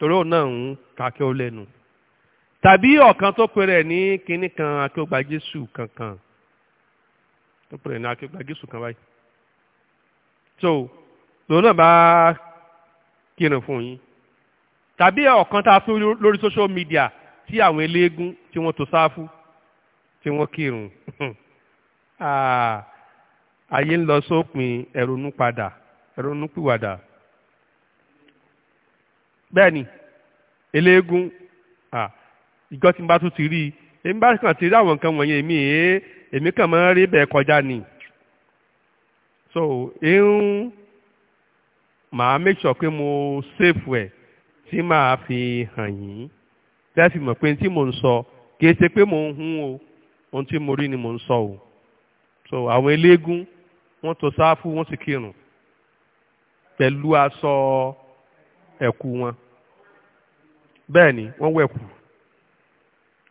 torí òun náà ń kàkẹ́ ó lẹ́nu tàbí ọ̀kan tó pe rẹ̀ ní kinní kan akéwògbà jésù kankan tó pe rẹ̀ ní akéwògbà jésù kan báyìí so lòun náà bá kírun fún yín tàbí ọ̀kan tá a fún lórí social media tí àwọn eléégún tí wọ́n tó sáfù tí wọ́n kírun ah, ayé ń lọ sópin ẹ̀rọ̀nú padà ẹ̀rọ̀nú pìwàdà bẹ́ẹ̀ ni eléégún ìjọ tí n bá tún ti rí i èmi bá kàn ti rí àwọn nǹkan wọ̀nyẹn èmi èé èmi kàn máa ń rí bẹ́ẹ̀ kọjá ni so irun màá make sure pé mo save ẹ̀ tí màá fi hàn yín tẹ́sí mọ̀ pé tí mò ń sọ kìí ṣe pé mò ń hun o ohun tí mo rí ni mò ń sọ o so àwọn eléégún wọ́n tò sáfù wọ́n sì kírun pẹ̀lú aṣọ ẹ̀kú wọn bẹ́ẹ̀ ni wọ́n wẹ̀kú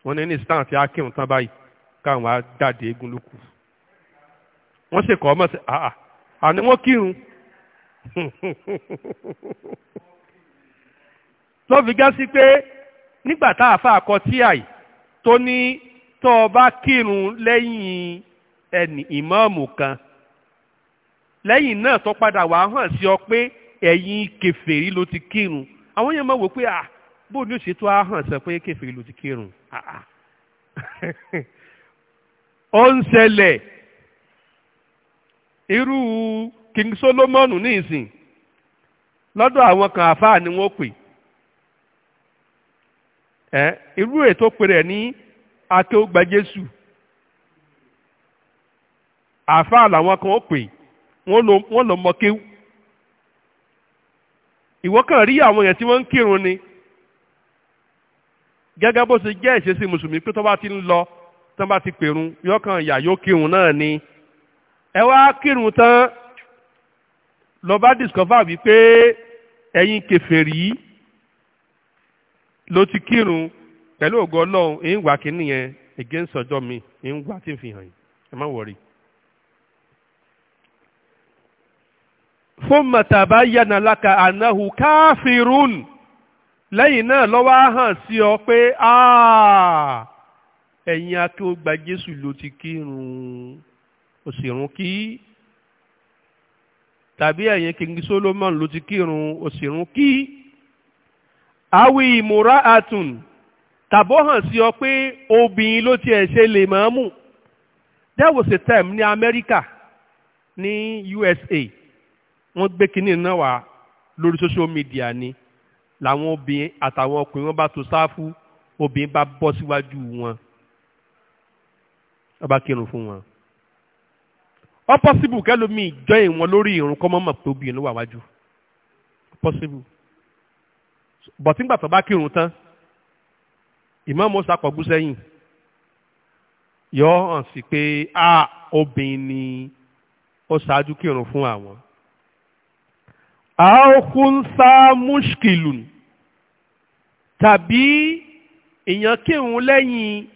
wọ́n ní ní stan ti akíhun tán báyìí káwọn á jáde eégún ló kù wọ́n sì kọ́ ọmọ sí àà àní wọ́n kírun tó fi gá sí pé nígbà tá a fa àkọ tíà yìí tó ní tó o bá kírun lẹ́yìn ẹnì ìmáàmù kan lẹ́yìn náà tó padà wàá hàn sí ọ pé ẹ̀yin keferi ló ti kírun àwọn yẹn máa wò pé à ah, bó ni ó ṣe sọ ti kírun ah, ah. ó ń ṣẹlẹ̀ irú King Solomon ní ìsìn lọ́dọ̀ àwọn kan àfáà ni wọ́n pè ẹ́ irú ètò pè rẹ̀ ní akéwògbà Jésù làwọn kan ó pè wọ́n lọ mọ ìwọ kàn rí àwọn èèyàn tí wọ́n ń kírun ni gẹ́gẹ́ bó ṣe jẹ́ ìṣesí mùsùlùmí pé tó bá ti ń lọ tó bá ti pèrun yóò kàn yóò kírun náà ni ẹ wá kírun tán lọ discover wípé ẹ̀yin kèfèrí ló ti kírun pẹ̀lú ògo ọlọ́run èyí ń wà kí nìyẹn against ọjọ́ mi èyí ń wà tí ń fi hàn yín ẹ má wọrí. fúnmà tàbáyànà lákà ànáhù káfírún lẹ́yìn náà ló wá hàn sí ọ pé ẹ̀yin akéwògbà Jésù ló ti kírun òsìrún kí tàbí ẹ̀yin King Solomon ló ti kírun òsìrún kí awi ìmúra àtùn tàbó hàn sí ọ pé obìnrin ló tiẹ̀ ṣe lè máa mú that was a time ní Amẹ́ríkà ní USA wọ́n gbé kinní náà wá lórí social media ni làwọn obìnrin àtàwọn ọkùnrin wọn bá tó sáfù obìnrin bá bọ́ síwájú wọn wọ́n bá kírun fún wọn. ó possible kẹ́lómi ìjọ ìwọ̀n lórí ìrun kọ́mọ́mọ́ tó obìnrin ló wà wájú possible bọ̀tí ńgbà tó bá kírun tán ìmọ̀ọ́mọ́ sàkọ̀gbú sẹ́yìn yọ hàn sí pé a ah, obìnrin ni ó ṣáájú kírun fún àwọn àókúnsá mushkilun tàbí èèyàn kírun lẹ́yìn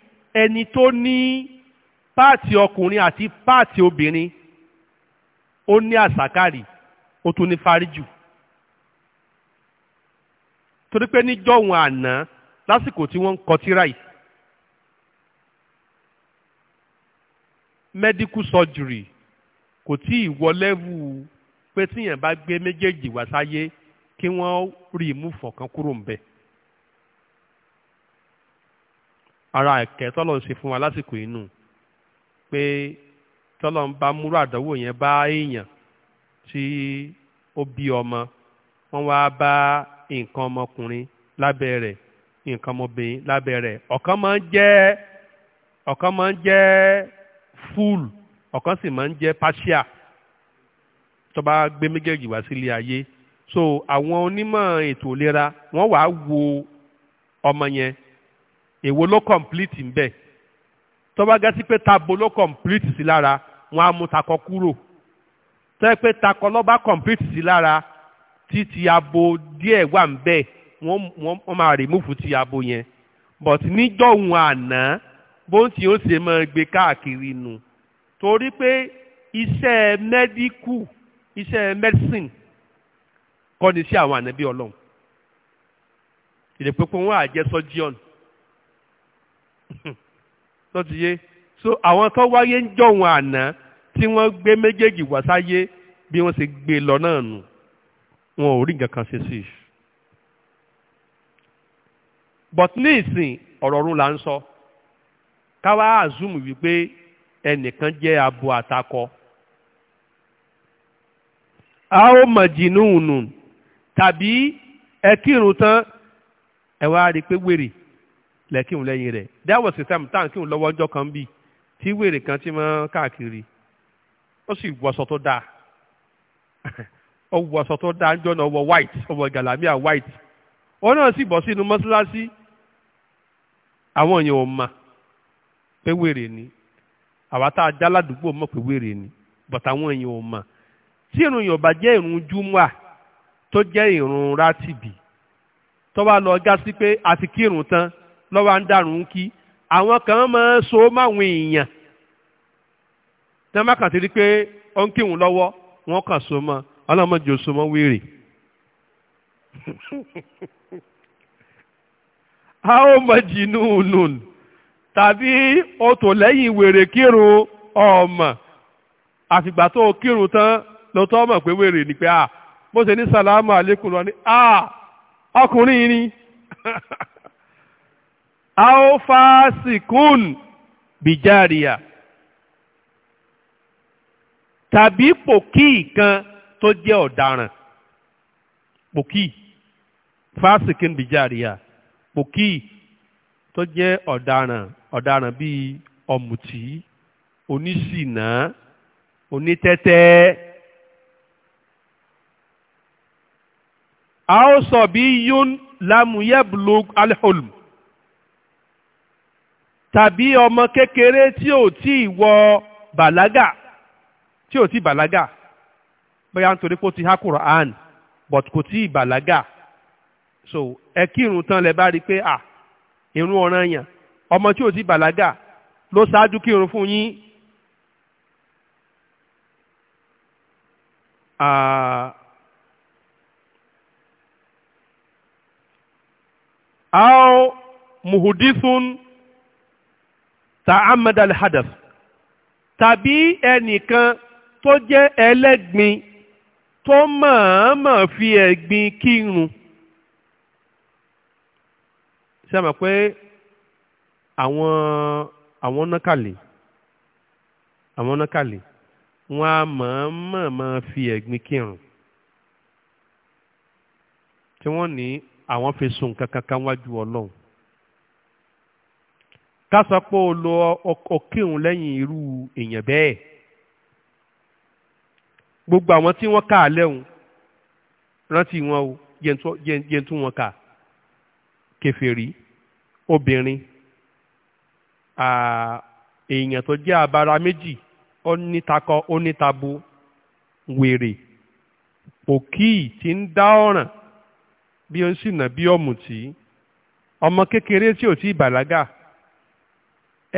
ẹni tó ní páàtì ọkùnrin àti páàtì obìnrin ó ní àsàkárì ó tún ní fáríjù torí pé níjọ́hun àná lásìkò tí wọ́n ń kọ tíra yìí medical surgery kò tí ì wọ lẹ́wù pé tíyàn bá gbé méjèèjì wá sáyé kí wọ́n rí i mú fọ̀kan kúrò ńbẹ̀. ara ẹ̀kẹ́ tọ́lọ̀ ń ṣe fún wa lásìkò inú pé tọ́lọ̀ ń bá múrò àdánwò yẹn bá èèyàn tí ó bí ọmọ wọ́n wá bá nǹkan ọmọkùnrin lábẹ́ rẹ̀ nǹkan ọmọbìnrin lábẹ́ rẹ̀ ọ̀kan máa ń jẹ́ ọ̀kan máa ń jẹ́ full ọ̀kan sì máa ń jẹ́ partial tó bá gbé méjèèjì wá sílé ayé so àwọn onímọ̀ ètò ìlera wọ́n wàá wo ọmọ yẹn èwo ló complete ńbẹ tó bá gẹ́sí pé tabo ló complete sí lára wọ́n á mú takọ kúrò tó yẹ pé takọ ló bá complete sí lára títí abo díẹ̀ wà ńbẹ wọ́n máa remove ti abo yẹn but níjọ́ òun àná bó ń tí ó ṣe máa gbé káàkiri nù torí pé iṣẹ́ mẹ́díkù iṣẹ́ medicine kọ́ ni sí àwọn ànábì ọlọ́run ìdèpépé wọn à jẹ́ surgeon tó yé so àwọn tó wáyé ń jọ̀wọ́n àná tí wọ́n gbé méjèèjì wá sáyé bí wọ́n ṣe gbé lọ náà nù wọn ò rí nǹkan kan ṣe sí i but ní ìsìn ọ̀rọ̀ ọ̀run là ń sọ káwá àzùmù wípé ẹnìkan jẹ́ abo àtakọ a ó mọ̀jìnnúùnù tàbí ẹ kírun tán ẹ rí pé wèrè lẹ́kìrun lẹ́yìn rẹ̀ that was the time tá à ń kírun lọ́wọ́ ọjọ́ kan bíi tí wèrè kan ti mọ́ káàkiri ó sì wọṣọ tó dáa ó wọṣọ tó dáa níjọ́ náà wọ white ó galamia white ó náà sì bọ́ sínú mọ́ṣáláṣí àwọn èèyàn ò mà pé wèrè ni àwa tá a já ládùúgbò mọ̀ pé wèrè ni bọ̀tà àwọn èèyàn ò mà tí ìrun yóò bá jẹ́ ìrun júmọ́à tó jẹ́ ìrun rátìbì tó bá lọ já sí pé àti kírun tán lọ́wọ́ à ń dàrún kí àwọn kan máa ń so máwọn èèyàn tí wọ́n bá kàn ti rí pé ó ń kírun lọ́wọ́ wọ́n kàn so mọ́ ọlọ́mọdé so mọ́ wéèrè. a ó mọ jìnnú nùn tàbí o tò lẹ́yìn wèrè kírun ọmọ àfìgbà tó o kírun tán ló tọ́ mọ̀ pé wèrè ni pé à ah, bó ṣe ní sàlámù àlékún lọ ni à ah, ọkùnrin yìí ni aofasikun bijaria tàbí pòkì kan tó jẹ́ ọ̀daràn pòkì fásikun bijaria pòkì tó jẹ́ ọ̀daràn ọ̀daràn bíi ọ̀mùtí oníṣìnà onítẹ́tẹ́. aw sabiyyun lam yablugh al-hulm tàbí ọmọ kékeré tí ò tí ì wọ bàlágà tí ò tí ì bàlágà bóyá nítorí pé ti há Qur'an but kò tí ì bàlágà so ẹ kírun tán lẹ bá rí i pé à irun ọ̀ràn yàn ọmọ tí ò tí ì bàlágà ló ṣáájú kírun fún yín. أو مهدث تعمد الحدث tàbí ẹnìkan tó jẹ́ ẹlẹ́gbin tó mọ̀ọ́mọ̀ fi ẹ̀gbin kírun ṣe mọ̀ pé àwọn àwọn nákàlẹ̀ àwọn nákàlẹ̀ wọn a mọ̀ọ́mọ̀ máa fi ẹ̀gbin kírun tí wọ́n ní àwọn fi sùn kankan kan wájú ọlọ́run ká sọ pé o lo ọkírun lẹ́yìn irú èèyàn bẹ́ẹ̀ gbogbo àwọn tí wọ́n kà á lẹ́hùn rántí wọn o yẹntú wọn kà kèfèrí obìnrin èèyàn tó jẹ́ abara méjì ó nítakọ ó nítabo wèrè òkì tí ń dá ọ̀ràn bí ó ń ṣìnà bí ọ̀mùtí ọmọ kékeré tí ò tí ì bàlágà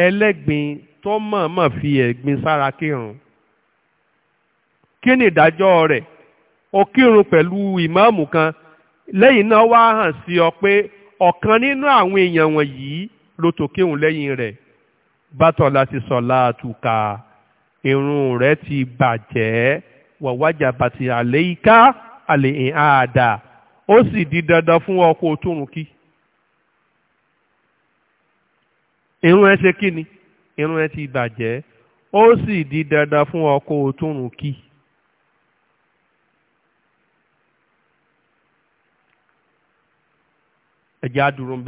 ẹlẹ́gbin tó mọ̀ọ́mọ̀ fi ẹ̀gbin sára kírun kí ni ìdájọ́ rẹ̀ ó kírun pẹ̀lú ìmáàmù kan lẹ́yìn náà wá hàn sí ọ pé ọ̀kan nínú àwọn èèyàn wọ̀nyí ló tó lẹ́yìn rẹ̀ bátọ̀ láti sọ láàtúkà irun rẹ̀ ti bàjẹ́ wàwájà bàtì àlẹ́ ìká àlè ó sì di dandan fún ọ kó n'uki kí irun ẹ ni irun ẹ ti bàjẹ́ ó sì di dandan fún ọ kó n'uki kí. ẹ̀jẹ̀ á dúró ń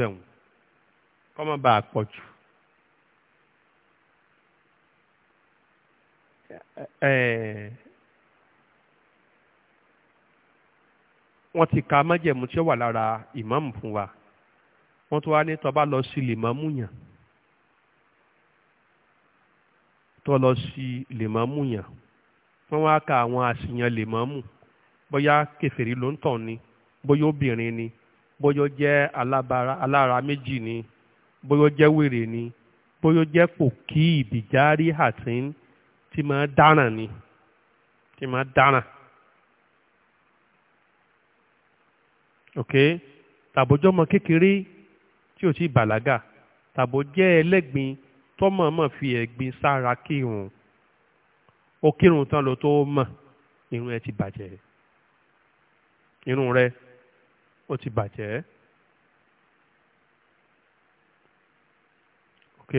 wọ́n ti ka májẹ̀mú tí ó wà lára ìmáàmù fún wa wọ́n tún wá ní tó bá lọ sí lèmọ́mù yàn tó lọ sí lèmọ́mù yàn wọ́n wá ka àwọn àṣìyàn lèmọ́mù bóyá kèfèrí ló ń tàn ni bóyá obìnrin ni bóyá ó jẹ́ alára méjì ni bóyá jẹ́ wèrè ni bóyá ó jẹ́ pòkí ìbìjárí àti tí máa dáràn ni tí máa dáràn. ok tàbójọ́mọ kékeré tí ò tí bàlágà tàbó jẹ́ ẹlẹ́gbin tọ́mọ̀ọ́mọ̀ fi ẹ̀gbin sára kírun ó kírun tán ló tó mọ̀ irun ẹ ti bàjẹ́ irun rẹ ó ti bàjẹ́ ok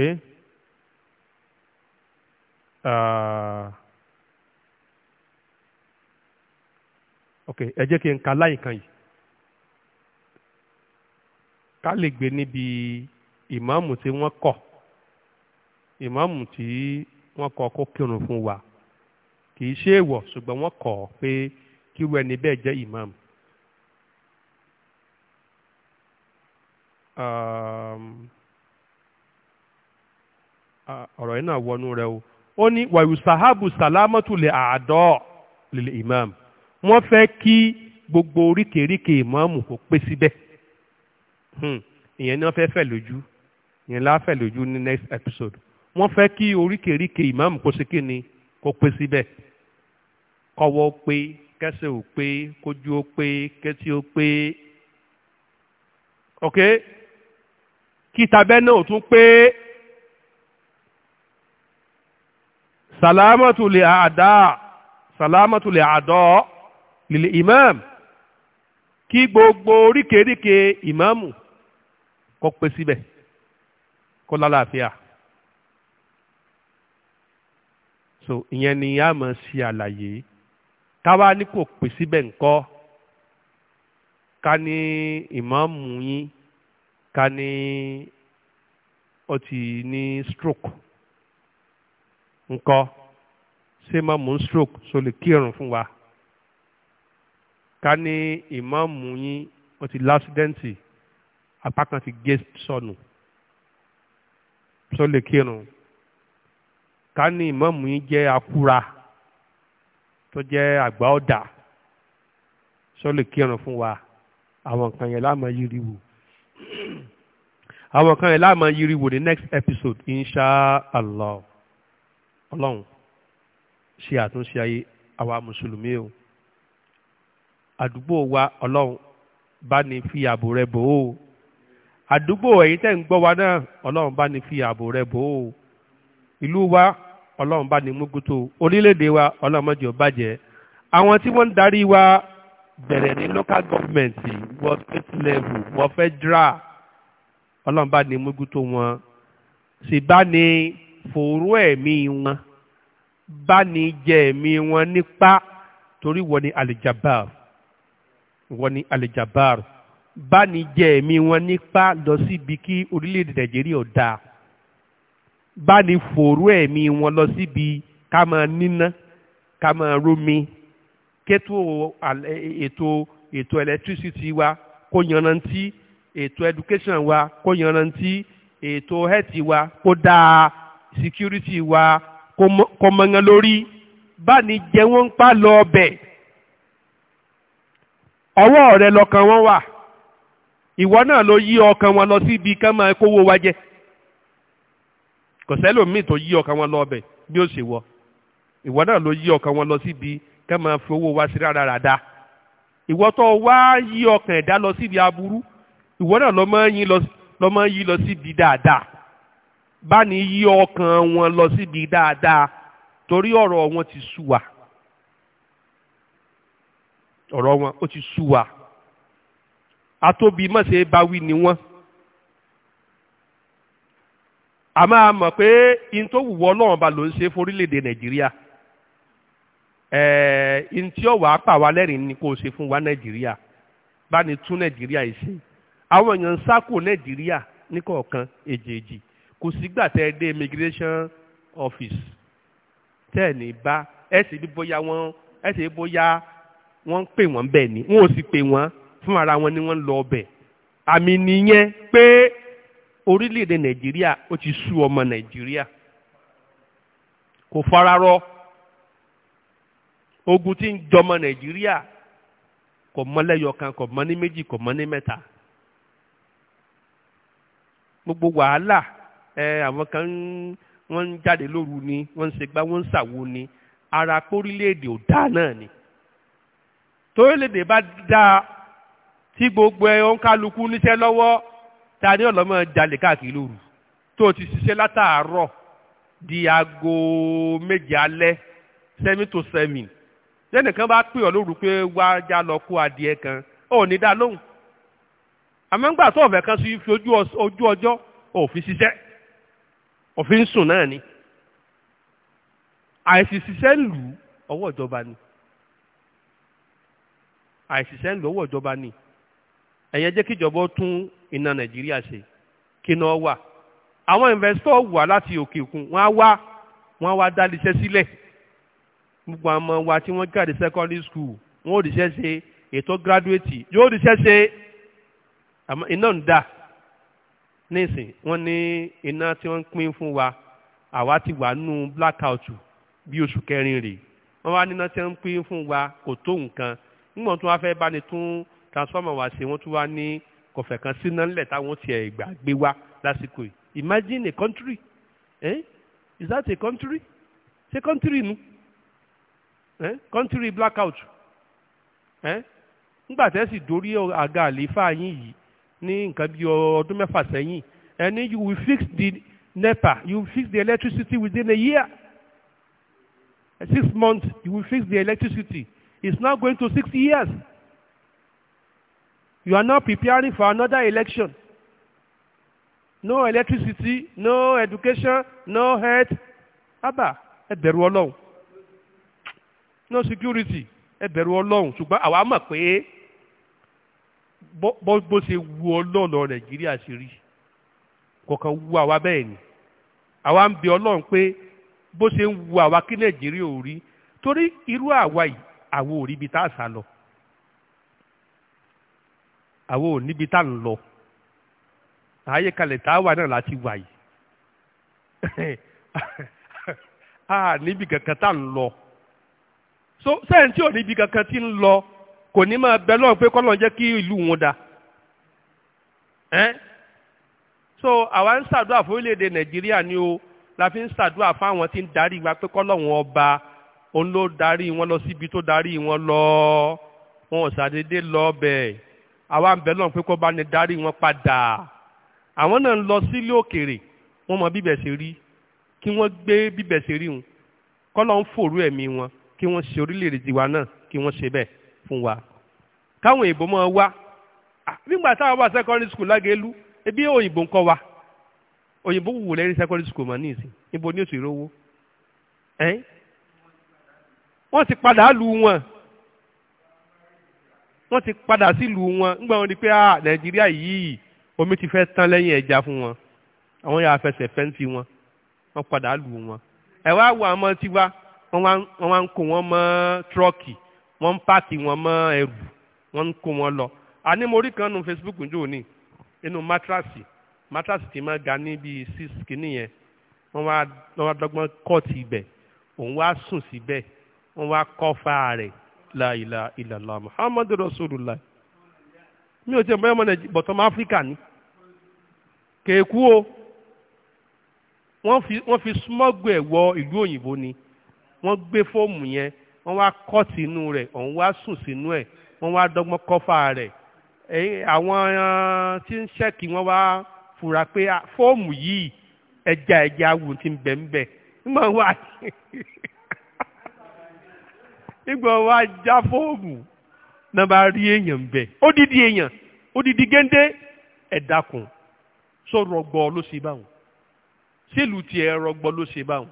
uh, ok ẹ jẹ́ kí n ka láyìnkan yìí. ká lè gbé níbi ìmáàmù tí wọ́n kọ̀ ìmáàmù tí wọ́n kọ kó kírun fún wa kì í ṣe èèwọ̀ ṣùgbọ́n wọ́n kọ̀ pé kí wọ́n ẹni bẹ́ẹ̀ jẹ́ ìmáàmù. Um, ọ̀rọ̀ yìí náà wọnú rẹ o ó ní wàyùsàhábù sàlámọ́tù lè àádọ́ lè ìmáàmù wọ́n fẹ́ kí gbogbo oríkèéríkèé ìmáàmù kó pé síbẹ̀. Hmm. ìyẹn náà fẹ́ fẹ̀ lójú ìyẹn láà fẹ̀ lójú ní next episode wọ́n fẹ́ kí oríkèéríkè ìmáàmù kó ṣe kí ni kó pé síbẹ̀ kọ́wọ́ pé kẹsẹ̀ ò pé kójú ó pé kẹsí ó pé ok kítabẹ́ náà ò tún pé sàlámàtù lè àdá sàlámàtù lè àdọ́ lè imam kí gbogbo oríkèéríkè ìmáàmù kó pé síbẹ̀ kó lálàáfíà so ìyẹn ni a máa ṣe àlàyé táwa ní kò pè síbẹ̀ ńkọ́ ká ní ìmáàmù yín ká ní ó ní stroke ńkọ́ ṣé máàmù stroke so lè kírun fún wa ká ní ìmáàmù yín ó lásídẹ́ǹtì apá kan ti gé sọnù tó lè kírun ká ní ìmọ̀mù yín jẹ́ akúra tó jẹ́ àgbà ọ̀dà tó lè kírun fún wa àwọn nǹkan yẹn láàmú yiri wò àwọn nǹkan yẹn láàmú yiri wò ní next episode insha allah ọlọ́run ṣe àtúnṣe ayé àwa mùsùlùmí o àdúgbò wa ọlọ́run bá ní fi ààbò rẹ bò ó àdúgbò ẹ̀yin tẹ́ ń gbọ́ wa náà ọlọ́run bá ní fi ààbò rẹ̀ bò ó ìlú wa ọlọ́run bá ní múgútó orílẹ̀-èdè wa ọlọ́run má bàjẹ́ àwọn tí wọ́n ń darí wa bẹ̀rẹ̀ ní local government wọ state level wọ federal ọlọ́run bá ní múgútó wọn sì bá ní fòró ẹ̀mí wọn bá ní jẹ ẹ̀mí wọn nípa torí wọ́n ní alijabar wọ́n ní alijabar bá ní jẹ ẹ̀mí wọn nípa lọ síbi kí orílẹ̀-èdè nàìjíríà dáa bá ní fòrú ẹ̀mí wọn lọ síbi ká máa níná ká máa rómi kẹ́tù ètò ètò electricity wa kó yanrantí ètò education wa kó yanrantí ètò health wa kó dáa security wa kó mọ́ngán lórí bá ní wọ́n ń pa lọ ọbẹ̀ ọwọ́ rẹ lọ́kàn wọn wà ìwọ náà ló yí ọkàn wọn lọ síbi kán máa kówó wa jẹ kò sẹ́lòmíì tó yí ọkàn wọn lọ ọbẹ̀ bí ó ṣe wọ ìwọ náà ló yí ọkàn wọn lọ síbi kán máa fi owó wa sí rárára ìwọ tó wá yí ọkàn ẹ̀dá lọ síbi aburú ìwọ náà lọ máa yí lọ síbi dáadáa bá ní yí ọkàn wọn lọ síbi dáadáa torí ọ̀rọ̀ wọn ti sú ọ̀rọ̀ wọn ó ti sú atóbi mọ̀sẹ̀ bá wí ni wọ́n a máa mọ̀ pé in tó wùwọ́ ọlọ́run ba ló ń ṣe forílẹ̀-èdè nàìjíríà ẹ̀ẹ́ in tí ọ̀wà apá wa lẹ́rìn ni kò ṣe fún wa nàìjíríà bá ní tún nàìjíríà yìí ṣe àwọn èèyàn ń sáko nàìjíríà ní èjèèjì kò sígbà tẹ́ ẹ dé immigration office tẹ́ ẹ̀ ní bá ẹ̀ sì bí bóyá wọ́n ẹ̀ sì bí bóyá wọ́n pè wọ́n bẹ́ẹ̀ ni wọ́n ò sì pè wọ́n. fún ara wọn ni wọn lọ ọbẹ àmì nìyẹn pé orílẹ̀-èdè nàìjíríà ó ti sú ọmọ nàìjíríà kò fararọ ogun tí ń jọmọ nàìjíríà kò mọ lẹ́yọ̀kan kò mọ ní méjì kò mọ ní mẹ́ta gbogbo wàhálà ẹ àwọn kan wọn ń jáde lóru ni wọn ń ṣègbà wọn ń ṣàwo ni ara pórílẹ̀-èdè ò dáa náà ni torílẹ̀-èdè bá dáa tí gbogbo ẹ̀ kálukú níṣẹ́ lọ́wọ́ ta ni ọlọ́mọ jalè káàkiri lóru tó ti ṣiṣẹ́ látàárọ̀ di aago méje alẹ́ sẹ́mi tó sẹ́mi lẹ́nìkan bá pè ọ́ lóru pé wá já lọ kó adìẹ kan ò ní dá lóhùn àmọ́ ńgbà tó ọ̀fẹ́ kan sí fi ojú ọjọ́ òfin ṣiṣẹ́ òfin sùn náà ni àìsìṣiṣẹ́ ń lù ọwọ́ ìjọba ni àìsìṣẹ́ ń lù ọwọ́ ìjọba ni ẹ̀yẹn jẹ́ kíjọba tún iná nàìjíríà ṣe kí iná wà àwọn investor wà láti òkè òkun wọ́n á wá wọ́n á wá dá iṣẹ́ sílẹ̀ gbogbo àwọn wa tí wọ́n jáde secondary school wọ́n ò ríṣẹ́ ṣe ètò graduate yóò ríṣẹ́ ṣe iná ń dà nísìn wọ́n ní iná tí wọ́n pín fún wa àwa ti wà nù blackout bí oṣù kẹrin rèé wọ́n wá níná tí wọ́n pín fún wa kò tó nǹkan nígbà tí wọ́n fẹ́ bá ní tún transformer wá sí wọ́n tún wá ní kọ̀fẹ́ kan síná ńlẹ̀ táwọn tiẹ̀ gbà gbé wá lásìkò yìí imagine a country eh? is that a country ṣé country nu eh? country blackout eh? ńgbà tẹ́ sì dórí àga àlééfà yín yìí ní nǹkan bí ọdún mẹ́fà sẹ́yìn ẹni you will fix the nepa you will fix the electricity within a year six months you will fix the electricity it's now going to six years. You are not preparing for another election. No electricity, no education, no health. Abba, ẹ bẹ̀rù Ọlọ́run. No security, ẹ bẹ̀rù Ọlọ́run. Ṣùgbọ́n àwa mọ̀ pé bó ṣe wu Ọlọ́run Nàìjíríà ṣe rí. Kọ̀ọ̀kan wu àwa bẹ́ẹ̀ ni. Àwa ń bẹ Ọlọ́run pé bó ṣe ń wu àwa kí Nàìjíríà ò rí. Torí irú àwa yìí, àwa ò rí ibi tá a sá lọ. àwọn ò níbi tá à ń lọ ààyè kalẹ̀ tá a wà náà láti wà yìí a níbi kankan tá à ń lọ so sẹ́yìn tí ò níbi kankan tí ń lọ kò ní máa bẹ lọ́wọ́ pé kọ́lọ́ jẹ́ kí ìlú wọn da ẹ́n so àwa ń ṣàdúrà fún orílẹ̀-èdè nàìjíríà ni o la fi ń ṣàdúrà fún àwọn tí ń darí wa pé kọ́lọ́ wọn ọba òun ló darí wọn lọ síbi tó darí wọn lọ wọn ò ṣàdédé lọ bẹ́ẹ̀ àwa ń bẹ lọ́n pé kó bá ní darí wọn padà àwọn náà ń lọ sílé òkèèrè wọ́n mọ bíbẹ̀ ṣe rí kí wọ́n gbé bíbẹ̀ ṣe rí wọn kọ́lọ́ ń fòrú ẹ̀mí wọn kí wọ́n ṣe orílẹ̀-èdè tiwa náà kí wọ́n ṣe bẹ́ẹ̀ fún wa káwọn òyìnbó máa wá nígbà táwọn wà secondary school lágẹ̀ẹ́lú ebi òyìnbó ń kọ́ wa òyìnbó wù lẹ́yìn secondary school mọ̀ ní ìsìn níbo ní òsì rówó wọ́n ti padà lu wọn wọ́n ti padà sílùú wọn nígbà wọn di pé ah nàìjíríà yìí omi ti fẹ́ tán lẹ́yìn ẹja fún wọn àwọn yà fẹsẹ̀ fẹ́ǹsì wọn wọ́n padà lù wọn. ẹ wá wo àwọn tiwa wọ́n wá ń kó wọn mọ́ tírọ́ọ̀kì wọ́n ń pààkì wọn mọ́ ẹrù wọ́n ń kó wọn lọ. àní mo rí kan nu Facebook ń jò ní inú mátrasì mátrasì ti máa ga ní bíi six kìíní yẹn wọ́n wá dọ́gbọ́n kọ́ọ̀tì ibẹ̀ òun wá sùn síbẹ̀ wọ́n wá kọ́fà rẹ̀ la ilaha illallah muhammadu rasulullah mi ò tiẹ̀ mọ́ ọmọ bọ̀tọ́mọ áfíríkà ni kéèkú o wọ́n fi wọ́n fi smọ́gbọ̀ ẹ̀ wọ ìlú òyìnbó ni wọ́n gbé fóòmù yẹn wọ́n wá kọ́ sínú rẹ̀ òun wá sùn sínú ẹ̀ wọ́n wá dọ́gbọ́n kọ́fà rẹ̀ àwọn eh, tí ń ṣẹ́kì wọ́n wá fura pé ah, fóòmù yìí ẹja ẹja awùn ti ń bẹ̀ ń bẹ̀ nígbà wọ́n wá. nígbà wa já fóòmù náà bá rí èèyàn bẹ̀ ó dídí èèyàn ó dídí géńdé ẹ̀dàkùn sọ rọgbọ ló ṣe báwọn sílùú tiẹ̀ rọgbọ ló ṣe báwọn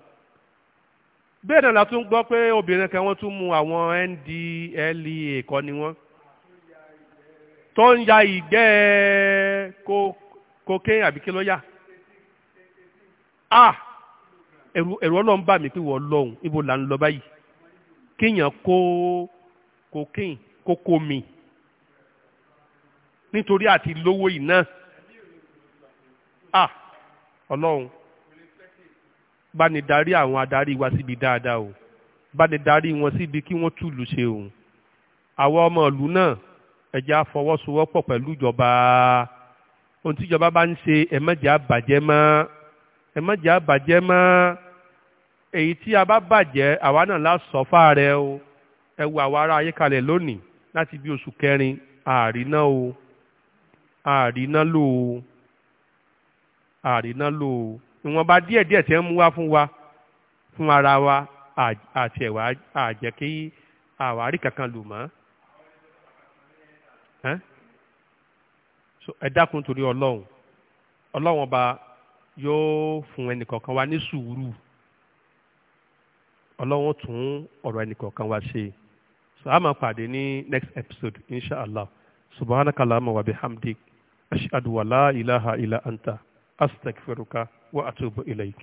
bẹ́ẹ̀ náà la tún gbọ́ pé obìnrin kan wọ́n tún mú àwọn NDLEA kọ́ ni wọ́n tó ń ya ìgbẹ́ cocaine àbí kí ló yà ah ẹ̀rù ọlọ́run bà mí pé wọ́n lọ́hùn ibo là ń lọ báyìí kéèyàn kó cocaine kókó mi nítorí àti lówó iná ah ọlọ́run bá ní darí àwọn adarí wa síbi dáadáa o bá ní darí wọn síbi kí wọ́n túlù ṣe òun àwọn ọmọ ìlú náà ẹ jẹ́ á fọwọ́sowọ́pọ̀ pẹ̀lú ìjọba ohun tíjọba bá ń ṣe ẹ bàjẹ́ mọ́ ẹ bàjẹ́ mọ́ èyí tí a bá bàjẹ́ àwa náà lásọ̀fà rẹ o ẹ wo àwa ará ayé kalẹ̀ lónìí láti bí oṣù kẹrin àríná o àríná lò o àríná lò o ìwọ̀nba díẹ̀díẹ̀ tí ń mú wá fún wa fún ara wa àti ẹ̀wà àjẹ́ kí àwárí kankan lò mọ́ ẹ dákun torí ọlọ́run ọlọ́run ọba yóò fún ẹnìkọ̀ọ̀kan wa ní sùúrù ọlọ́wọ́n tún ọ̀rọ̀ ẹnìkọ̀ọ̀kan wa ṣe so a máa pàdé ní next episode inshallah subhanakallahumma wa bihamdik ashhadu wa la ilaha illa anta astaghfiruka wa atubu ilayk.